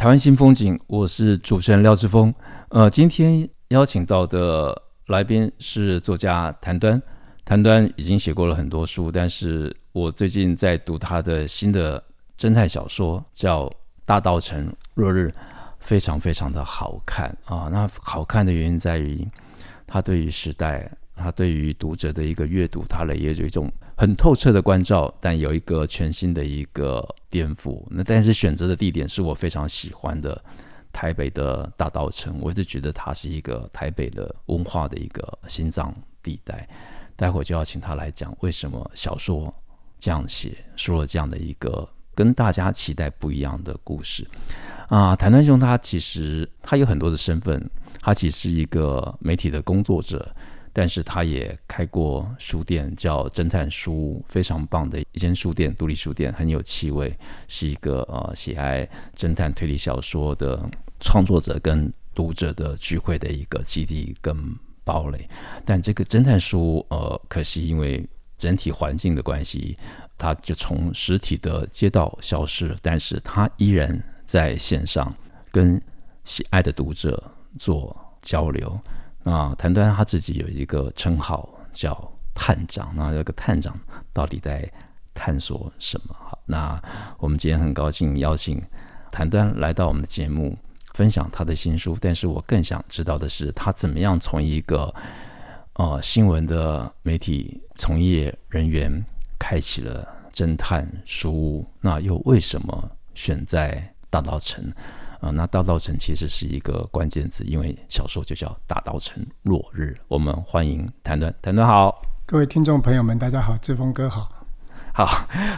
台灣新風景，我是主持人廖志峰。呃，今天邀請到的來賓是作家譚端。譚端已經寫過了很多書，但是我最近在讀他的新的偵探小說，叫《大稻埕落日》，非常非常的好看啊、呃。那好看的原因在於，他對於時代，他對於讀者的一個閱讀，他的也有一種。很透徹的關照，但有一個全新的一個顛覆。那但是選擇的地點是我非常喜歡的台北的大稻埕，我一直覺得它是一個台北的文化的一個心臟地帶。待會就要請他來講為什麼小說這樣寫，說了這樣的一個跟大家期待不一樣的故事啊。譚端兄他其實他有很多的身份，他其實是一個媒體的工作者。但是他也開過書店，叫偵探書屋，非常棒的一間書店，獨立書店，很有氣味，是一個呃喜愛偵探推理小說的創作者跟讀者的聚會的一個基地跟堡壘。但這個偵探書屋，呃，可惜因為整體環境的關係，它就從實體的街道消失，但是它依然在線上跟喜愛的讀者做交流。啊，譚端他自己有一個稱號叫探長。那這個探長到底在探索什麼？好，那我們今天很高興邀請譚端來到我們的節目，分享他的新書。但是我更想知道的是，他怎麼樣從一個呃新聞的媒體從業人員開啟了偵探書屋？那又為什麼選在大稻埕？啊、嗯，那大稻埕其實是一個關鍵字，因為小說就叫《大稻埕落日》。我們歡迎譚端。譚端好，各位聽眾朋友們，大家好，志峰哥好，好，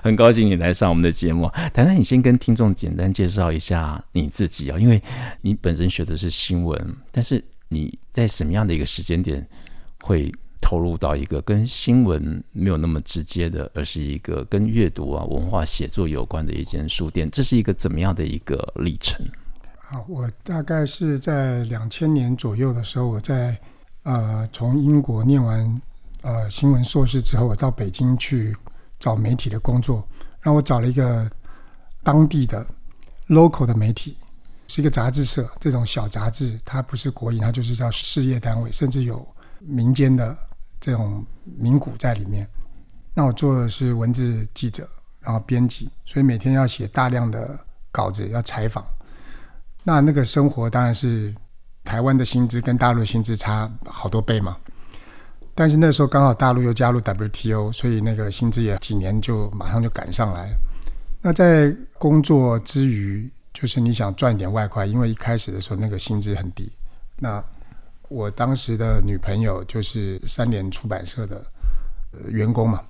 很高興你來上我們的節目。譚端，你先跟聽眾簡單介紹一下你自己啊、哦，因為你本身學的是新聞，但是你在什麼樣的一個時間點會投入到一個跟新聞沒有那麼直接的，而是一個跟閱讀啊、文化寫作有關的一間書店？這是一個怎麼樣的一個歷程？啊，我大概是在兩千年左右的時候，我在呃從英國念完呃新聞碩士之後，我到北京去找媒體的工作，那我找了一個當地的 local 的媒體，是一個雜誌社，這種小雜誌，它不是國營，它就是叫事業單位，甚至有民間的這種民股在裡面。那我做的是文字記者，然後編輯，所以每天要寫大量的稿子，要採訪。那那個生活當然是台灣的薪資跟大陸的薪資差好多倍嘛，但是那時候剛好大陸又加入 WTO，所以那個薪資也幾年就馬上就趕上來了。那在工作之餘，就是你想賺點外快，因為一開始的時候那個薪資很低。那我當時的女朋友就是三聯出版社的、呃、員工嘛，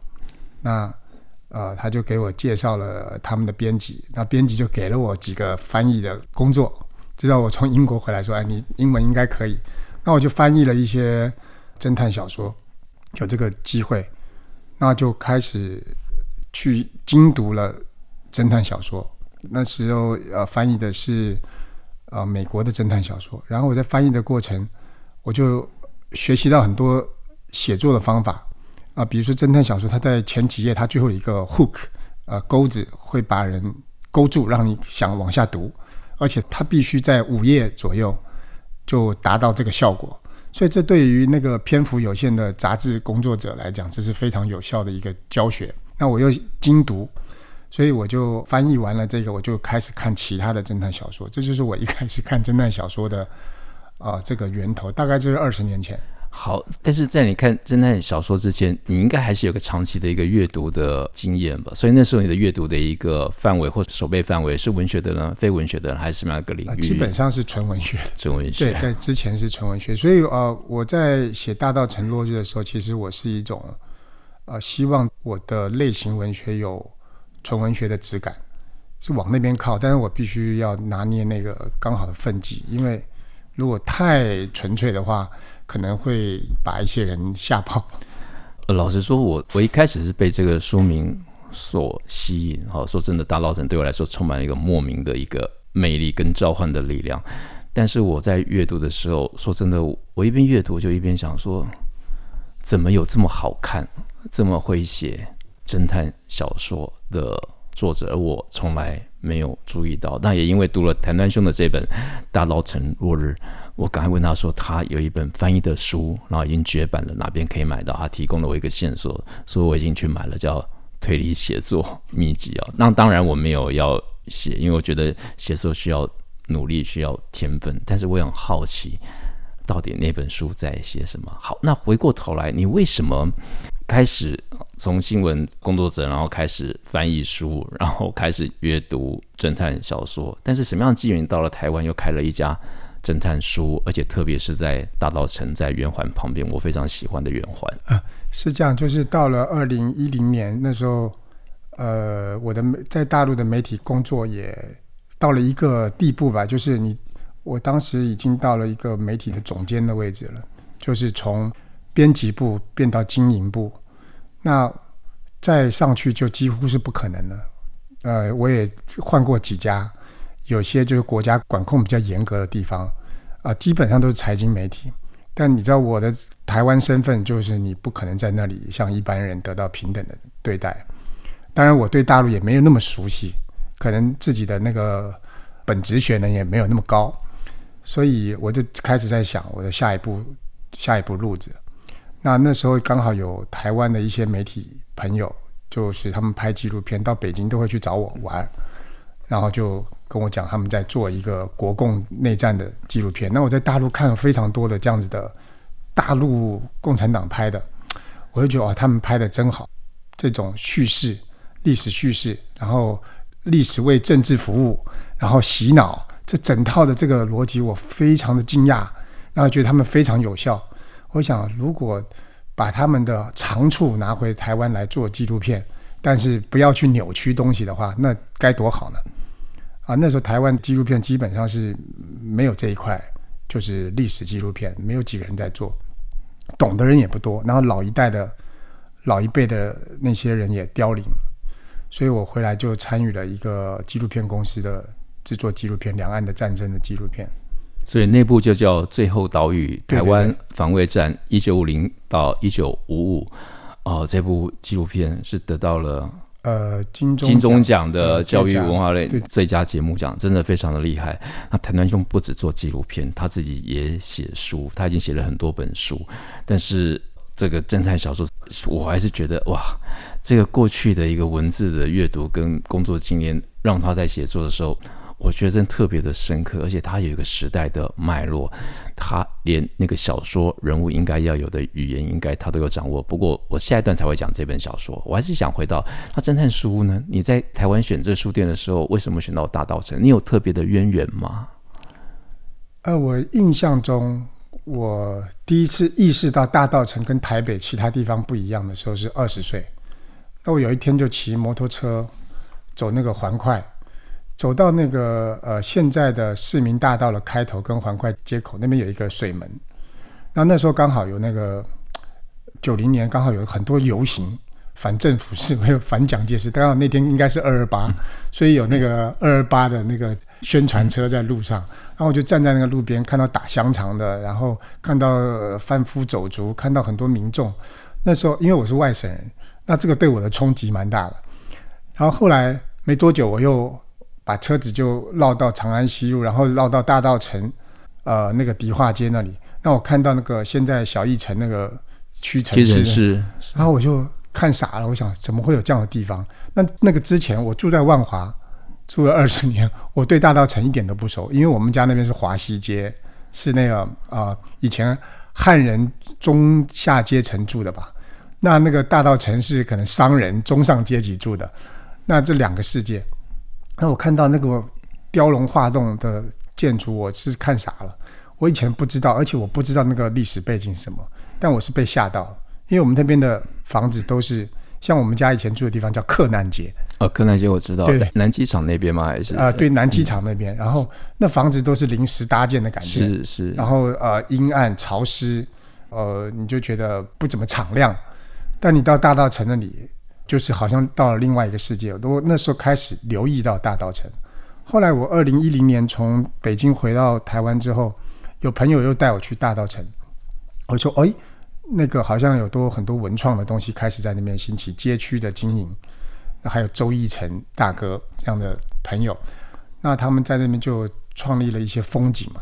那呃，他就給我介紹了他們的編輯，那編輯就給了我幾個翻譯的工作。知道我從英國回來，說：“哎，你英文應該可以。”那我就翻譯了一些偵探小說，有這個機會，那就開始去精讀了偵探小說。那時候呃，翻譯的是呃美國的偵探小說。然後我在翻譯的過程，我就學習到很多寫作的方法啊，呃，比如說偵探小說，它在前幾頁，它最後一個 hook，呃，鈎子會把人勾住，讓你想往下讀。而且它必須在五頁左右就達到這個效果，所以這對於那個篇幅有限的雜誌工作者來講，這是非常有效的一個教學。那我又精讀，所以我就翻譯完了這個，我就開始看其他的偵探小說。這就是我一開始看偵探小說的啊、呃、這個源頭，大概就是二十年前。好，但是在你看偵探小說之前，你應該還是有個長期的一個閱讀的經驗吧？所以那時候你的閱讀的一個範圍或者手背範圍是文學的呢，非文學的呢還是什麼樣的個領域、呃？基本上是純文學的，純文學。對，在之前是純文學， 所以呃，我在寫《大稻埕落日》的時候，其實我是一種呃，希望我的類型文學有純文學的質感，是往那邊靠，但是我必須要拿捏那個剛好的分際，因為如果太純粹的話，可能會把一些人嚇跑、呃。老實說，我我一開始是被這個書名所吸引哈、哦。說真的，大稻埕對我來說充滿了一個莫名的一個魅力跟召喚的力量。但是我在閱讀的時候，說真的，我一邊閱讀就一邊想說，怎麼有這麼好看、這麼會寫偵探小說的作者？而我從來沒有注意到。那也因為讀了譚端兄的這本《大稻埕落日》。我剛才問他說：“他有一本翻譯的書，然後已經絕版了，哪邊可以買到？”他提供了我一個線索，說我已經去買了，叫《推理寫作秘籍》哦，那當然我沒有要寫，因為我覺得寫作需要努力，需要天分。但是我也很好奇，到底那本書在寫什麼？好，那回過頭來，你為什麼開始從新聞工作者，然後開始翻譯書，然後開始閱讀偵探小說？但是什麼樣的機緣到了台灣，又開了一家？偵探書，而且特別是在大稻埕，在圓環旁邊，我非常喜歡的圓環。啊、嗯，是這樣，就是到了二零一零年那時候，呃，我的在大陸的媒體工作也到了一個地步吧，就是你，我當時已經到了一個媒體的總監的位置了，就是從編輯部變到經營部，那再上去就幾乎是不可能了。呃，我也換過幾家。有些就是國家管控比較嚴格的地方，啊、呃，基本上都是財經媒體。但你知道我的台灣身份，就是你不可能在那裡像一般人得到平等的對待。當然，我對大陸也沒有那麼熟悉，可能自己的那個本職學能也沒有那麼高，所以我就開始在想我的下一步，下一步路子。那那時候剛好有台灣的一些媒體朋友，就是他們拍紀錄片到北京都會去找我玩。然後就跟我講他們在做一個國共內戰的紀錄片。那我在大陸看了非常多的這樣子的大陸共產黨拍的，我就覺得，哦，他們拍的真好，這種敘事、歷史敘事，然後歷史為政治服務，然後洗腦，這整套的這個邏輯我非常的驚訝，然後覺得他們非常有效。我想如果把他們的長處拿回台灣來做紀錄片。但是不要去扭曲東西的話，那該多好呢？啊，那時候台灣紀錄片基本上是沒有這一塊，就是歷史紀錄片，沒有幾個人在做，懂的人也不多。然後老一代的老一輩的那些人也凋零，所以我回來就參與了一個紀錄片公司的制作紀錄片，兩岸的戰爭的紀錄片。所以內部就叫《最後島嶼台灣防衛戰1950到1955》，一九五零到一九五五。哦，這部紀錄片是得到了呃金金鐘獎的教育文化類，最佳、呃、文化類最佳最佳節目獎，真的非常的厲害。那譚端兄不只做紀錄片，他自己也寫書，他已經寫了很多本書。但是這個偵探小說，我還是覺得哇，這個過去的一個文字的閱讀跟工作經驗，讓他在寫作的時候，我覺得真的特別的深刻，而且它有一個時代的脈絡，他連那個小說人物應該要有的語言，應該他都有掌握。不過我下一段才會講這本小說，我還是想回到那偵探書屋呢。你在台灣選這書店的時候，為什麼選到大稻埕？你有特別的淵源嗎？呃，我印象中，我第一次意識到大稻埕跟台北其他地方不一樣的時候是二十歲。那我有一天就騎摩托車走那個環快，走到那個呃現在的市民大道的開頭跟環快街口那邊有一個水門，那那時候剛好有那個九零年剛好有很多遊行反政府示威、反蔣介石，剛好那天應該是二二八，所以有那個二二八的那個宣傳車在路上，嗯，然後我就站在那個路邊看到打香腸的，然後看到呃、販夫走卒，看到很多民眾。那時候因為我是外省人，那這個對我的衝擊蠻大的。然後後來沒多久我又把車子就繞到長安西路，然後繞到大稻埕，呃，那個迪化街那裡。那我看到那個現在小藝埕那個屈臣氏其實是，然後我就看傻了，我想怎麼會有這樣的地方？那那個之前我住在萬華，住了二十年，我對大稻埕一點都不熟，因為我們家那邊是華西街，是那個啊、呃，以前漢人中下階層住的吧？那那個大稻埕是可能商人中上階級住的，那這兩個世界。那、啊、我看到那個雕龍畫棟的建築，我是看傻了。我以前不知道，而且我不知道那個歷史背景是什麼，但我是被嚇到。因為我們那邊的房子都是像我們家以前住的地方叫克難街。啊，克難街我知道。對，對，對。南機場那邊嗎？還是？啊、呃，對，南機場那邊，嗯。然後那房子都是臨時搭建的感覺。是是。然後呃，陰暗潮濕，呃，你就覺得不怎麼敞亮。但你到大稻埕那裡。就是好像到了另外一個世界。我都那時候開始留意到大稻埕，後來我二零一零年從北京回到台灣之後，有朋友又帶我去大稻埕。我說：“哎、哦，那個好像有都很多文創的東西開始在那邊興起，街區的經營，還有周奕成大哥這樣的朋友，那他們在那邊就創立了一些風景嘛。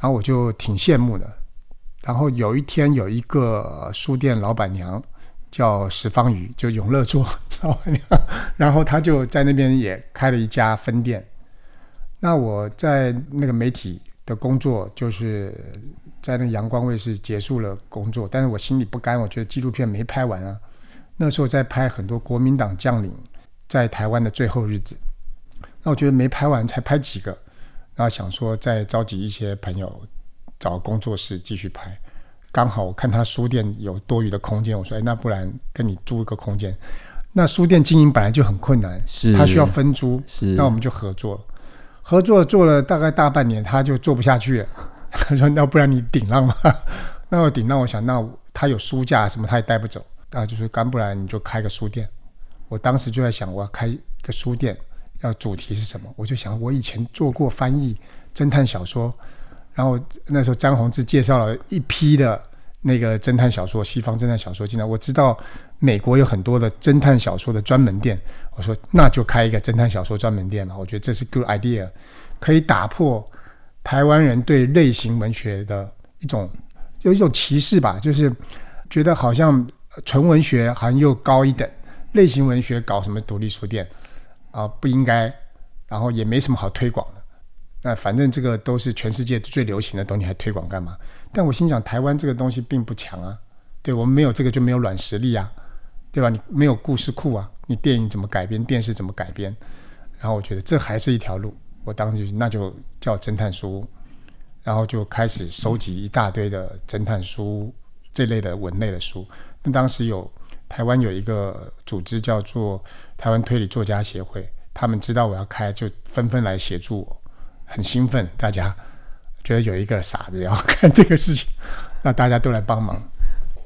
然後我就挺羨慕的。然後有一天有一個書店老闆娘。”叫石方宇，就永樂座，然後他就在那邊也開了一家分店。那我在那個媒體的工作，就是在那個陽光衛視結束了工作，但是我心裡不甘，我覺得紀錄片沒拍完啊。那時候在拍很多國民黨將領在台灣的最後日子，那我覺得沒拍完，才拍幾個，然後想說再召集一些朋友，找工作室繼續拍。剛好我看他書店有多餘的空間，我說：“哎，那不然跟你租一個空間？那書店經營本來就很困難，是，他需要分租，是。那我們就合作了。合作做了大概大半年，他就做不下去了。他說：‘那不然你頂讓吧？’那我頂讓，我想，那他有書架什麼，他也帶不走那就是，乾不然你就開個書店。我當時就在想，我要開個書店，要主題是什麼？我就想，我以前做過翻譯偵探小說。”然後那時候張宏志介紹了一批的那個偵探小說，西方偵探小說進來。我知道美國有很多的偵探小說的專門店，我說那就開一個偵探小說專門店嘛，我覺得這是 good idea，可以打破台灣人對類型文學的一種有一種歧視吧，就是覺得好像純文學好像又高一等，類型文學搞什麼獨立書店啊，不應該，然後也沒什麼好推廣。那反正這個都是全世界最流行的東西，還推廣幹嘛？但我心想，台灣這個東西並不強啊，對我們沒有這個就沒有軟實力啊，對吧？你沒有故事庫啊，你電影怎麼改編，電視怎麼改編？然後我覺得這還是一條路，我當時就那就叫偵探書，然後就開始收集一大堆的偵探書這類的文類的書。那當時有台灣有一個組織叫做台灣推理作家協會，他們知道我要開，就紛紛來協助我。很興奮，大家覺得有一個傻子要幹這個事情，那大家都來幫忙。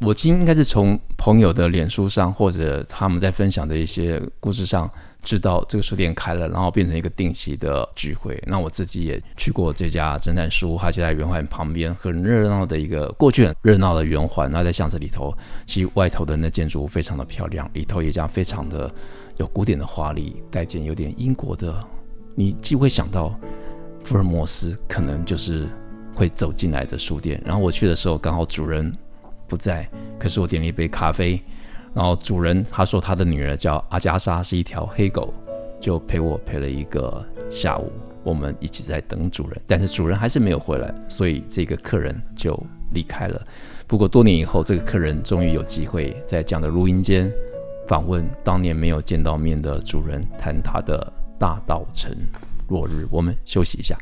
我今天應該是從朋友的臉書上，或者他們在分享的一些故事上，知道這個書店開了，然後變成一個定期的聚會。那我自己也去過這家偵探書，它就在圓環旁邊，很熱鬧的一個過去熱鬧的圓環。那在巷子裡頭，其實外頭的那建築物非常的漂亮，裡頭也講非常的有古典的華麗，帶點有點英國的。你既會想到。福爾摩斯可能就是會走進來的書店。然後我去的時候，剛好主人不在，可是我點了一杯咖啡。然後主人他說他的女兒叫阿加莎，是一條黑狗，就陪我陪了一個下午。我們一起在等主人，但是主人還是沒有回來，所以這個客人就離開了。不過多年以後，這個客人終於有機會在這樣的錄音間訪問當年沒有見到面的主人，談他的大稻埕。落日，我們休息一下。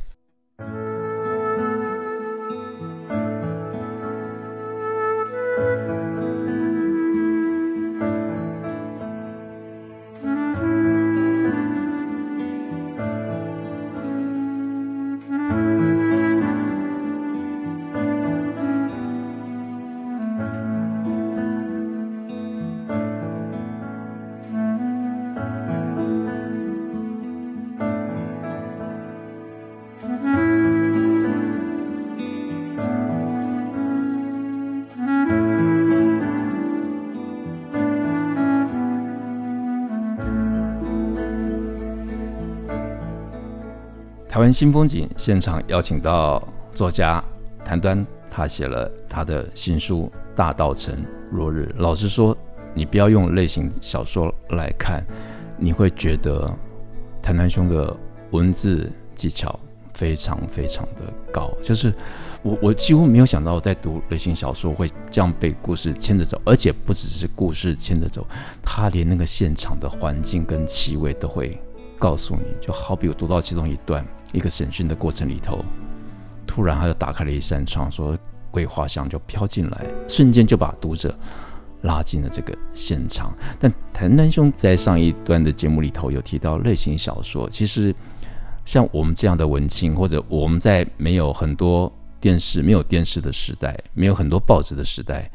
台灣新風景現場邀請到作家譚端，他寫了他的新書《大稻埕落日》。老實說，你不要用類型小說來看，你會覺得譚端兄的文字技巧非常非常的高。就是我我幾乎沒有想到，我在讀類型小說會這樣被故事牽着走，而且不只是故事牽着走，他連那個現場的環境跟氣味都會告訴你。就好比我讀到其中一段。一個審訊的過程裡頭，突然他就打開了一扇窗說，說桂花香就飄進來，瞬間就把讀者拉進了這個現場。但譚端兄在上一段的節目裡頭有提到，類型小說其實像我們這樣的文青，或者我們在沒有很多電視、沒有電視的時代，沒有很多報紙的時代，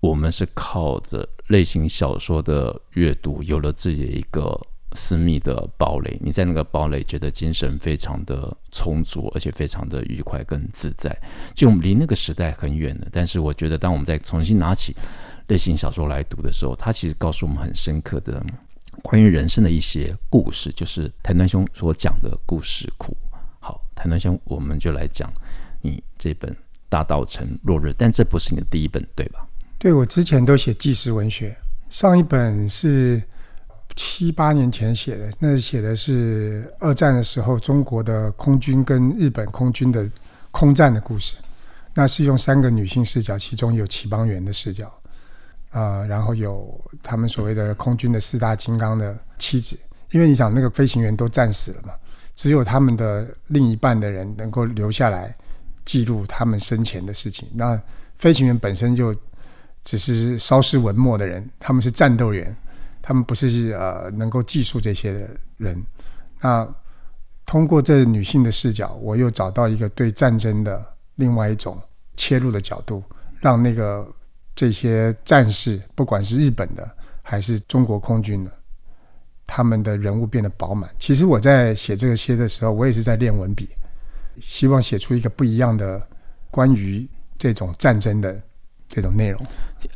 我們是靠着類型小說的閱讀，有了自己的一個。私密的堡壘，你在那個堡壘覺得精神非常的充足，而且非常的愉快，跟自在。就我們離那個時代很遠了，但是我覺得，當我們在重新拿起類型小說來讀的時候，它其實告訴我們很深刻的關於人生的一些故事，就是譚端兄所講的故事庫。好，譚端兄，我們就來講你這本《大稻埕落日》，但這不是你的第一本，對吧？對，我之前都寫紀實文學，上一本是。七八年前寫的，那寫的是二戰的時候中國的空軍跟日本空軍的空戰的故事。那是用三個女性視角，其中有齊邦媛的視角，啊、呃，然後有他們所謂的空軍的四大金剛的妻子。因為你想，那個飛行員都戰死了嘛，只有他們的另一半的人能夠留下來記錄他們生前的事情。那飛行員本身就只是稍事文墨的人，他們是戰鬥員。他們不是呃能夠記述這些的人，那通過這女性的視角，我又找到一個對戰爭的另外一種切入的角度，讓那個這些戰士，不管是日本的還是中國空軍的，他們的人物變得飽滿。其實我在寫這些的時候，我也是在練文筆，希望寫出一個不一樣的關於這種戰爭的。這種內容，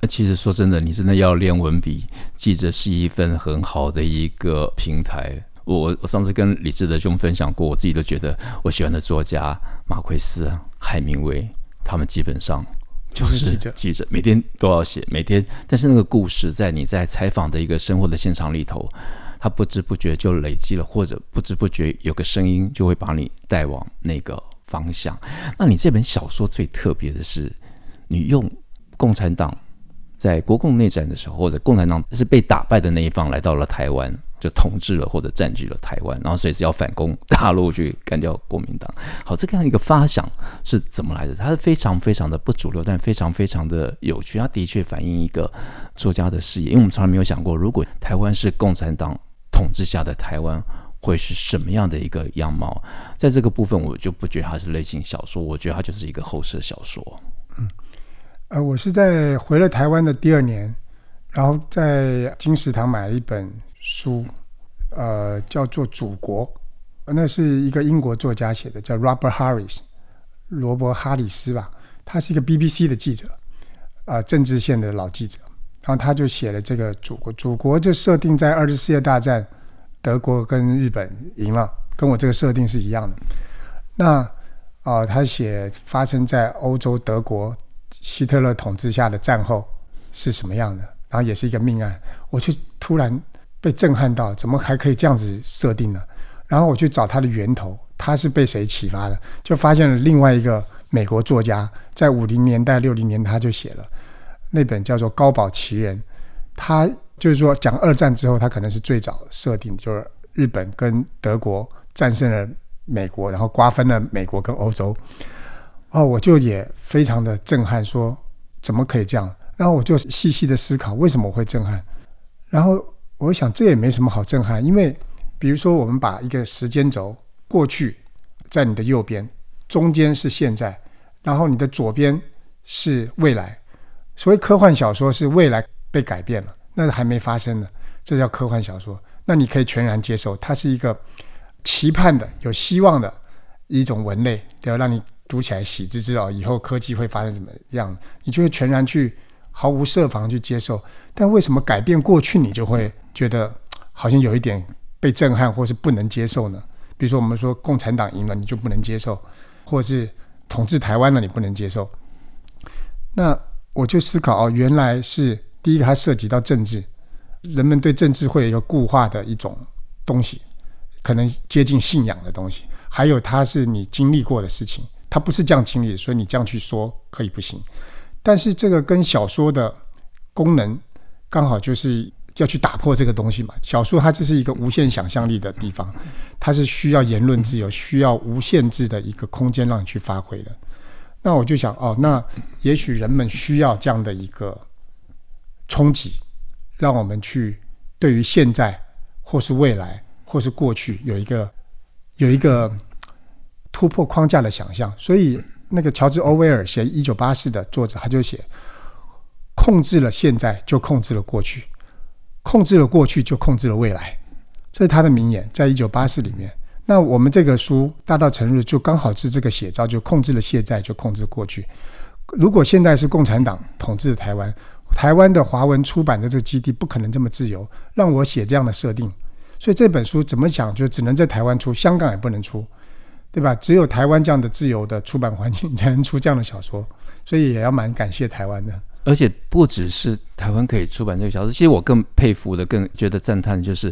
其實說真的，你真的要練文筆，記者是一份很好的一個平台。我我上次跟李志德兄分享過，我自己都覺得，我喜歡的作家馬奎斯、海明威，他們基本上就是記者，每天都要寫，每天。但是那個故事在你在採訪的一個生活的現場裡頭，他不知不覺就累積了，或者不知不覺有個聲音就會把你帶往那個方向。那你這本小說最特別的是，你用。共產黨在國共內戰的時候，或者共產黨是被打敗的那一方，來到了台灣，就統治了或者佔據了台灣，然後所以要反攻大陸去幹掉國民黨。好，這個樣一個發想是怎麼來的？它是非常非常的不主流，但非常非常的有趣。它的確反映一個作家的視野，因為我們從來沒有想過，如果台灣是共產黨統治下的台灣，會是什麼樣的一個樣貌。在這個部分，我就不覺得它是類型小說，我覺得它就是一個後設小說。呃，我是在回了台灣的第二年，然後在金石堂買了一本書，呃，叫做《祖國》，那是一個英國作家寫的，叫 Robert Harris，羅伯·哈里斯吧，他是一個 BBC 的記者，啊、呃，政治線的老記者，然後他就寫了這個祖《祖國》，《祖國》就設定在二次世界大戰，德國跟日本贏了，跟我這個設定是一樣的。那，啊、呃，他寫發生在歐洲德國。希特勒統治下的戰後是什麼樣的？然後也是一個命案，我就突然被震撼到，怎麼還可以這樣子設定呢？然後我去找他的源頭，他是被誰啟發的？就發現了另外一個美國作家，在五零年代、六零年他就寫了那本叫做《高堡奇人》，他就是說講二戰之後，他可能是最早設定就是日本跟德國戰勝了美國，然後瓜分了美國跟歐洲。然後、哦，我就也非常的震撼，說怎麼可以這樣？然後我就細細的思考為什麼我會震撼。然後我想這也沒什麼好震撼，因為比如說我們把一個時間軸，過去在你的右邊，中間是現在，然後你的左邊是未來。所以科幻小說是未來被改變了，那還沒發生呢。這叫科幻小說。那你可以全然接受，它是一個期盼的、有希望的一種文類，對吧？讓你。讀起來喜滋滋哦，以後科技會發生怎麼樣？你就會全然去毫無設防去接受。但為什麼改變過去，你就會覺得好像有一點被震撼或是不能接受呢？比如說，我們說共產黨贏了，你就不能接受；或是統治台灣了，你不能接受。那我就思考哦，原來是第一個，它涉及到政治，人們對政治會有一個固化的一種東西，可能接近信仰的東西，還有它是你經歷過的事情。它不是這樣清理，所以你這樣去說可以不行。但是這個跟小說的功能剛好就是要去打破這個東西嘛。小說它就是一個無限想象力的地方，它是需要言論自由，需要無限制的一個空間讓你去發揮的。那我就想哦，那也許人們需要這樣的一個衝擊，讓我們去對於現在或是未來或是過去有一個有一個突破框架的想象，所以那個喬治歐威爾寫《一九八四》的作者，他就寫：“控制了現在，就控制了過去；控制了過去，就控制了未來。”這是他的名言，在《一九八四》裡面。那我們這個書《大稻埕落日》就剛好是這個寫照，就控制了現在，就控制過去。如果現在是共產黨統治台灣，台灣的華文出版的這個基地不可能這麼自由，讓我寫這樣的設定。所以這本書怎麼講，就只能在台灣出，香港也不能出。對吧？只有台灣這樣的自由的出版環境才能出這樣的小說，所以也要蠻感謝台灣的。而且不只是台灣可以出版這個小說，其實我更佩服的、更覺得贊嘆的就是，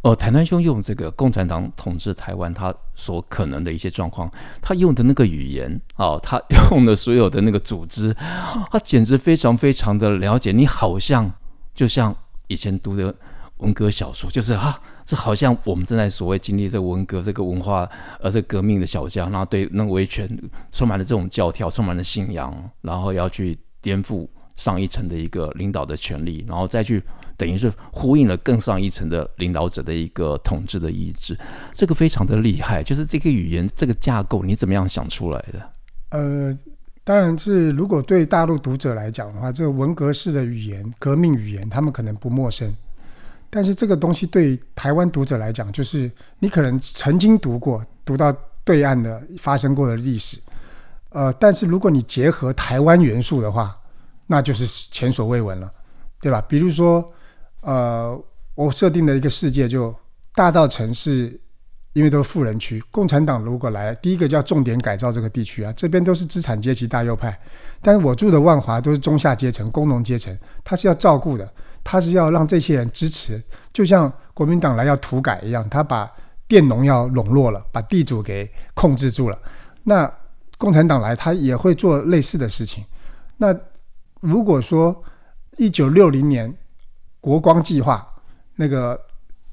哦、呃，台灣兄用這個共產黨統治台灣，他所可能的一些狀況，他用的那個語言，哦，他用的所有的那個組織，他簡直非常非常的了解。你好像就像以前讀的文革小說，就是哈。啊這好像我們正在所謂經歷的這個文革這個文化而這革命的小將，然後對那個維權充滿了這種教條，充滿了信仰，然後要去顛覆上一層的一個領導的權力，然後再去等於是呼應了更上一層的領導者的一個統治的意志。這個非常的厲害，就是這個語言，這個架構，你怎麼樣想出來的？呃，當然是如果對大陸讀者來講的話，這個文革式的語言、革命語言，他們可能不陌生。但是這個東西對於台灣讀者來講，就是你可能曾經讀過，讀到對岸的發生過的歷史，呃，但是如果你結合台灣元素的話，那就是前所未聞了，對吧？比如說，呃，我設定的一個世界就大稻埕市，因為都是富人區，共產黨如果來，第一個叫重點改造這個地區啊，這邊都是資產階級大右派，但是我住的萬華都是中下階層、工農階層，他是要照顧的。他是要讓這些人支持，就像國民黨來要土改一樣，他把佃農要籠絡了，把地主給控制住了。那共產黨來，他也會做類似的事情。那如果說一九六零年國光計劃，那個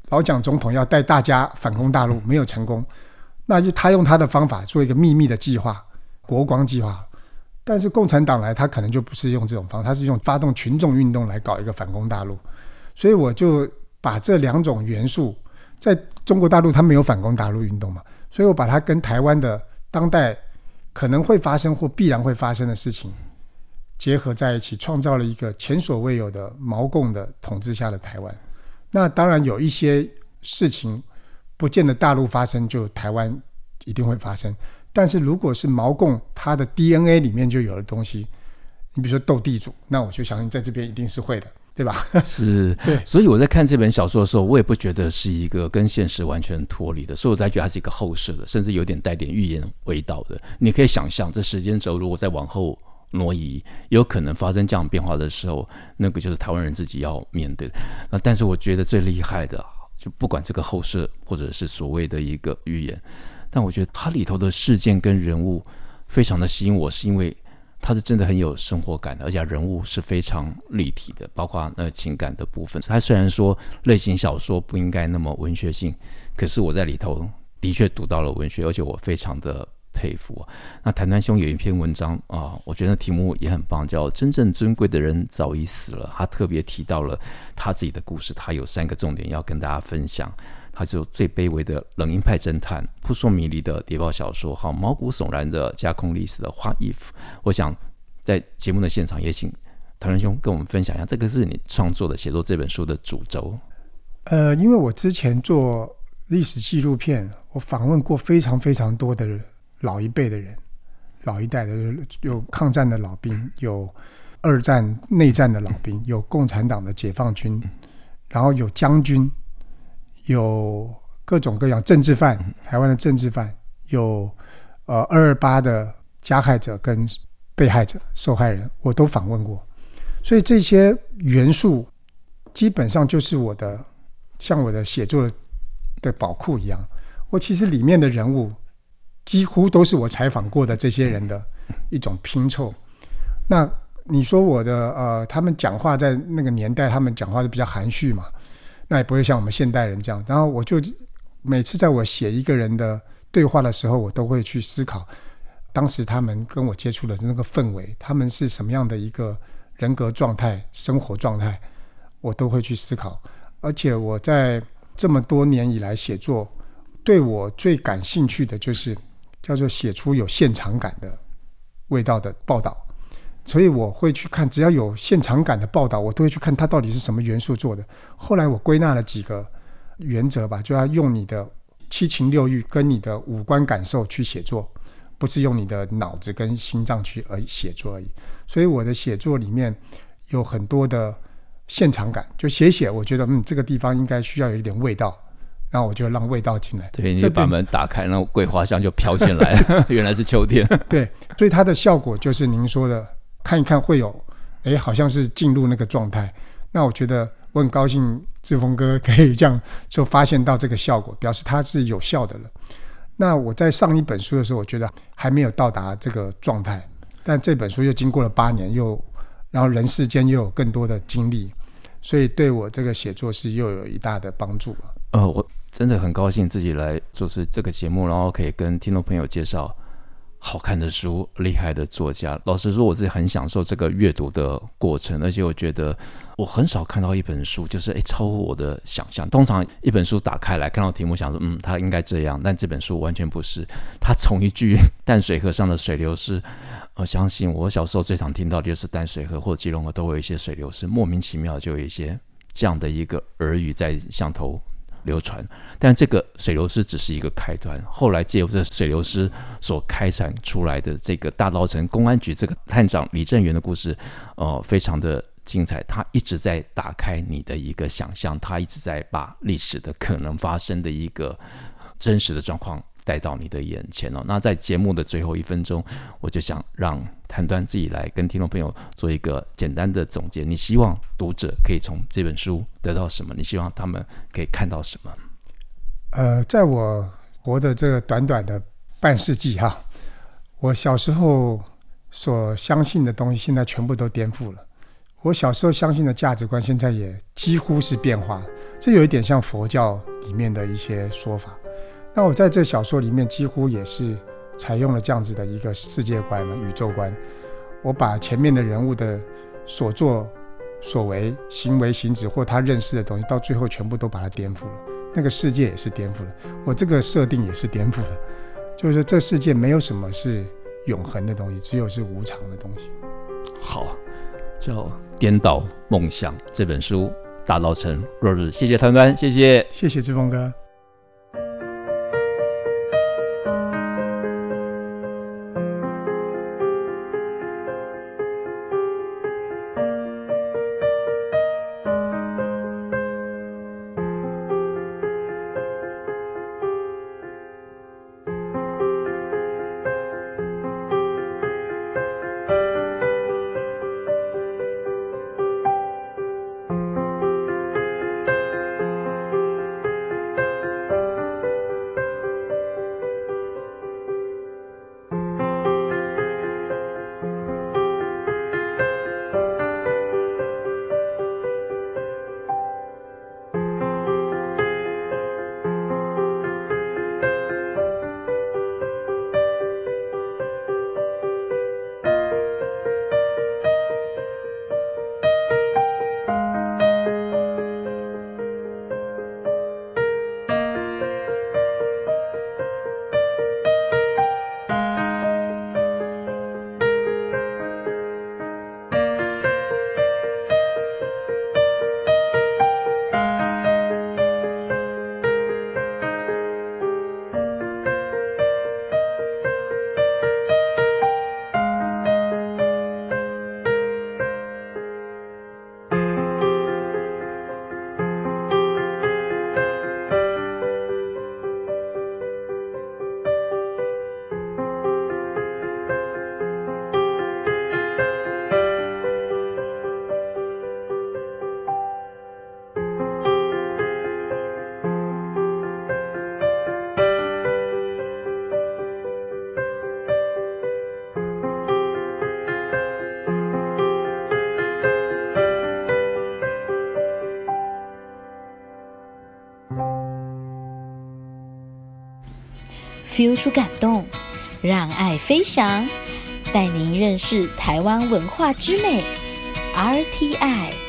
老蔣總統要帶大家反攻大陸沒有成功，那就他用他的方法做一個祕密的計劃——國光計劃。但是共產黨來，他可能就不是用這種方式，他是用發動群眾運動來搞一個反攻大陸。所以我就把這兩種元素，在中國大陸他沒有反攻大陸運動嘛，所以我把它跟台灣的當代可能會發生或必然會發生的事情結合在一起，創造了一個前所未有的毛共的統治下的台灣。那當然有一些事情不見得大陸發生，就台灣一定會發生。但是如果是毛共，它的 DNA 裡面就有的東西，你比如說鬥地主，那我就相信在這邊一定是會的，對吧？ 是，對。所以我在看這本小說的時候，我也不覺得是一個跟現實完全脫離的，所以我才覺得它是一個後設的，甚至有點帶點預言味道的。你可以想象，這時間軸如果再往後挪移，有可能發生這樣變化的時候，那個就是台灣人自己要面對的。那但是我覺得最厲害的，就不管這個後設或者是所謂的一個預言。但我覺得它裡頭的事件跟人物非常的吸引我，是因為它是真的很有生活感的，而且人物是非常立體的，包括那情感的部分。它雖然說類型小說不應該那麼文學性，可是我在裡頭的確讀到了文學，而且我非常的佩服啊。那譚端兄有一篇文章啊，我覺得題目也很棒，叫《真正尊貴的人早已死了》。他特別提到了他自己的故事，他有三個重點要跟大家分享。他就最卑微的冷硬派偵探，撲朔迷離的諜報小說，好毛骨悚然的架空歷史的 What if。我想在節目的現場也請譚端兄跟我們分享一下，這個是你創作的寫作這本書的主軸。呃，因為我之前做歷史紀錄片，我訪問過非常非常多的老一輩的人、老一代的人，有抗戰的老兵，有二戰內戰的老兵，有共產黨的解放軍，然後有將軍。有各種各樣政治犯，台灣的政治犯，有呃二二八的加害者跟被害者受害人，我都訪問過，所以這些元素基本上就是我的像我的寫作的寶庫一樣，我其實裡面的人物幾乎都是我採訪過的這些人的一種拼湊。那你說我的呃，他們講話在那個年代，他們講話就比較含蓄嘛？那也不會像我們現代人這樣。然後我就每次在我寫一個人的對話的時候，我都會去思考當時他們跟我接觸的那個氛圍，他們是什麼樣的一個人格狀態、生活狀態，我都會去思考。而且我在這麼多年以來寫作，對我最感興趣的就是叫做寫出有現場感的味道的報道。所以我會去看，只要有現場感的報道，我都會去看它到底是什麼元素做的。後來我歸納了幾個原則吧，就要用你的七情六慾跟你的五官感受去寫作，不是用你的腦子跟心臟去而寫作而已。所以我的寫作裡面有很多的現場感，就寫寫，我覺得嗯，這個地方應該需要有一點味道，然後我就讓味道進來。對，你把門打開，然後桂花香就飄進來了， 原來是秋天。對，所以它的效果就是您說的。看一看會有，誒，好像是進入那個狀態。那我覺得我很高興，志峰哥可以這樣說，發現到這個效果，表示它是有效的了。那我在上一本書的時候，我覺得還沒有到達這個狀態，但這本書又經過了八年，又然後人世間又有更多的經歷，所以對我這個寫作是又有一大的幫助。呃，我真的很高興自己來做是這個節目，然後可以跟聽眾朋友介紹。好看的書，厲害的作家。老實說，我自己很享受這個閱讀的過程，而且我覺得我很少看到一本書，就是哎、欸，超乎我的想象。通常一本書打開來看到題目，想說嗯，他應該這樣，但這本書完全不是。他從一句淡水河上的水流屍，我相信我小時候最常聽到的就是淡水河或者基隆河都會有一些水流屍，莫名其妙就有一些這樣的一個耳語在上頭。流傳，但這個水流師只是一個開端。後來借由這水流師所開展出來的這個大稻埕公安局這個探長李正元的故事，呃，非常的精彩。他一直在打開你的一個想象，他一直在把歷史的可能發生的一個真實的狀況。帶到你的眼前哦。那在節目的最後一分鐘，我就想讓譚端自己來跟聽眾朋友做一個簡單的總結。你希望讀者可以從這本書得到什麼？你希望他們可以看到什麼？呃，在我活的這個短短的半世紀哈，我小時候所相信的東西，現在全部都顛覆了。我小時候相信的價值觀，現在也幾乎是變化。這有一點像佛教裡面的一些說法。那我在這小說裡面幾乎也是採用了這樣子的一個世界觀嘛，宇宙觀。我把前面的人物的所作所為、行為、行止或他認識的東西，到最後全部都把它顛覆了。那個世界也是顛覆了，我這個設定也是顛覆了。就是這世界沒有什麼是永恆的東西，只有是無常的東西。好，就《顛倒夢想》這本書打造成大稻埕落日，謝謝譚端，謝謝，謝謝志峰哥。丟出感動，讓愛飛翔，帶您認識台灣文化之美，RTI。